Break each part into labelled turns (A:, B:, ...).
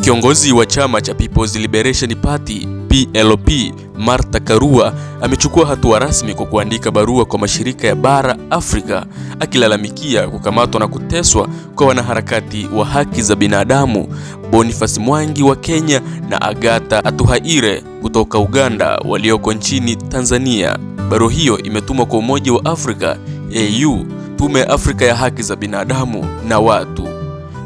A: Kiongozi wa chama cha People's Liberation Party PLP Martha Karua amechukua hatua rasmi kwa kuandika barua kwa mashirika ya bara Afrika akilalamikia kukamatwa na kuteswa kwa wanaharakati wa haki za binadamu Boniface Mwangi wa Kenya na Agatha Atuhaire kutoka Uganda walioko nchini Tanzania. Barua hiyo imetumwa kwa Umoja wa Afrika AU, Tume ya Afrika ya Haki za Binadamu na Watu,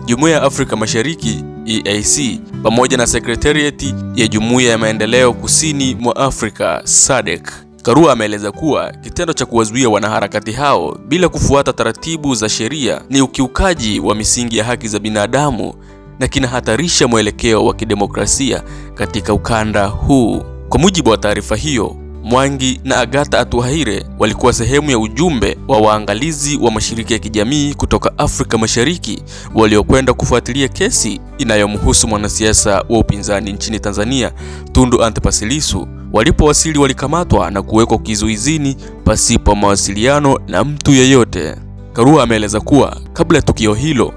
A: Jumuiya ya Afrika Mashariki EAC pamoja na sekretarieti ya Jumuiya ya Maendeleo Kusini mwa Afrika SADC. Karua ameeleza kuwa kitendo cha kuwazuia wanaharakati hao bila kufuata taratibu za sheria ni ukiukaji wa misingi ya haki za binadamu na kinahatarisha mwelekeo wa kidemokrasia katika ukanda huu. Kwa mujibu wa taarifa hiyo, Mwangi na Agatha Atuhaire walikuwa sehemu ya ujumbe wa waangalizi wa mashirika ya kijamii kutoka Afrika Mashariki waliokwenda kufuatilia kesi inayomhusu mwanasiasa wa upinzani nchini Tanzania Tundu Antipas Lissu. Walipowasili walikamatwa na kuwekwa kizuizini pasipo mawasiliano na mtu yeyote. Karua ameeleza kuwa kabla ya tukio hilo,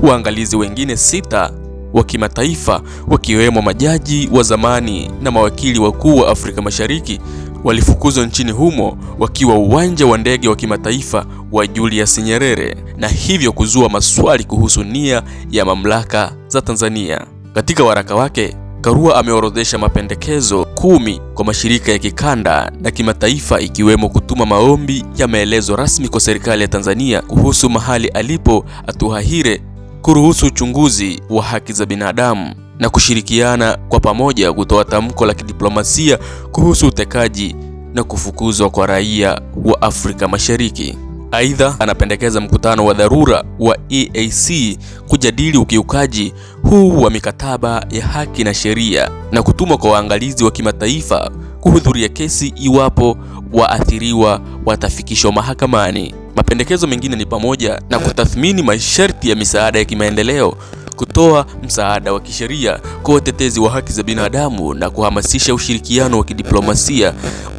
A: waangalizi wengine sita wa kimataifa wakiwemo majaji wa zamani na mawakili wakuu wa Afrika Mashariki walifukuzwa nchini humo wakiwa uwanja wa ndege wa kimataifa wa Julius Nyerere na hivyo kuzua maswali kuhusu nia ya mamlaka za Tanzania. Katika waraka wake, Karua ameorodhesha mapendekezo kumi kwa mashirika ya kikanda na kimataifa ikiwemo kutuma maombi ya maelezo rasmi kwa serikali ya Tanzania kuhusu mahali alipo atuhahire kuruhusu uchunguzi wa haki za binadamu na kushirikiana kwa pamoja kutoa tamko la kidiplomasia kuhusu utekaji na kufukuzwa kwa raia wa Afrika Mashariki. Aidha, anapendekeza mkutano wa dharura wa EAC kujadili ukiukaji huu wa mikataba ya haki na sheria na kutumwa kwa waangalizi wa kimataifa kuhudhuria kesi iwapo waathiriwa watafikishwa mahakamani. Mapendekezo mengine ni pamoja na kutathmini masharti ya misaada ya kimaendeleo kutoa msaada wa kisheria kwa watetezi wa haki za binadamu na kuhamasisha ushirikiano wa kidiplomasia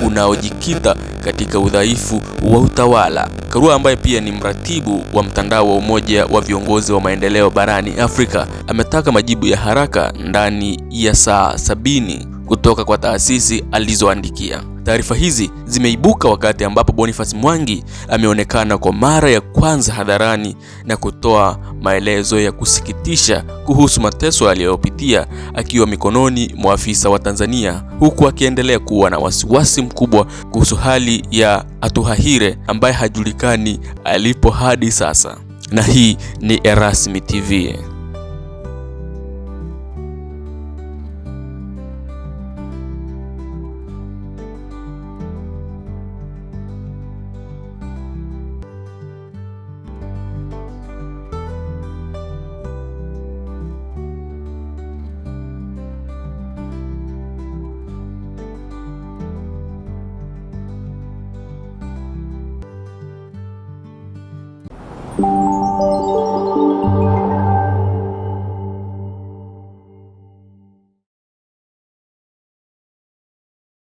A: unaojikita katika udhaifu wa utawala. Karua ambaye pia ni mratibu wa mtandao wa umoja wa viongozi wa maendeleo barani Afrika ametaka majibu ya haraka ndani ya saa sabini kutoka kwa taasisi alizoandikia. Taarifa hizi zimeibuka wakati ambapo Boniface Mwangi ameonekana kwa mara ya kwanza hadharani na kutoa maelezo ya kusikitisha kuhusu mateso aliyopitia akiwa mikononi mwa afisa wa Tanzania, huku akiendelea kuwa na wasiwasi mkubwa kuhusu hali ya Atuhaire ambaye hajulikani alipo hadi sasa. Na hii ni Erasmi TV.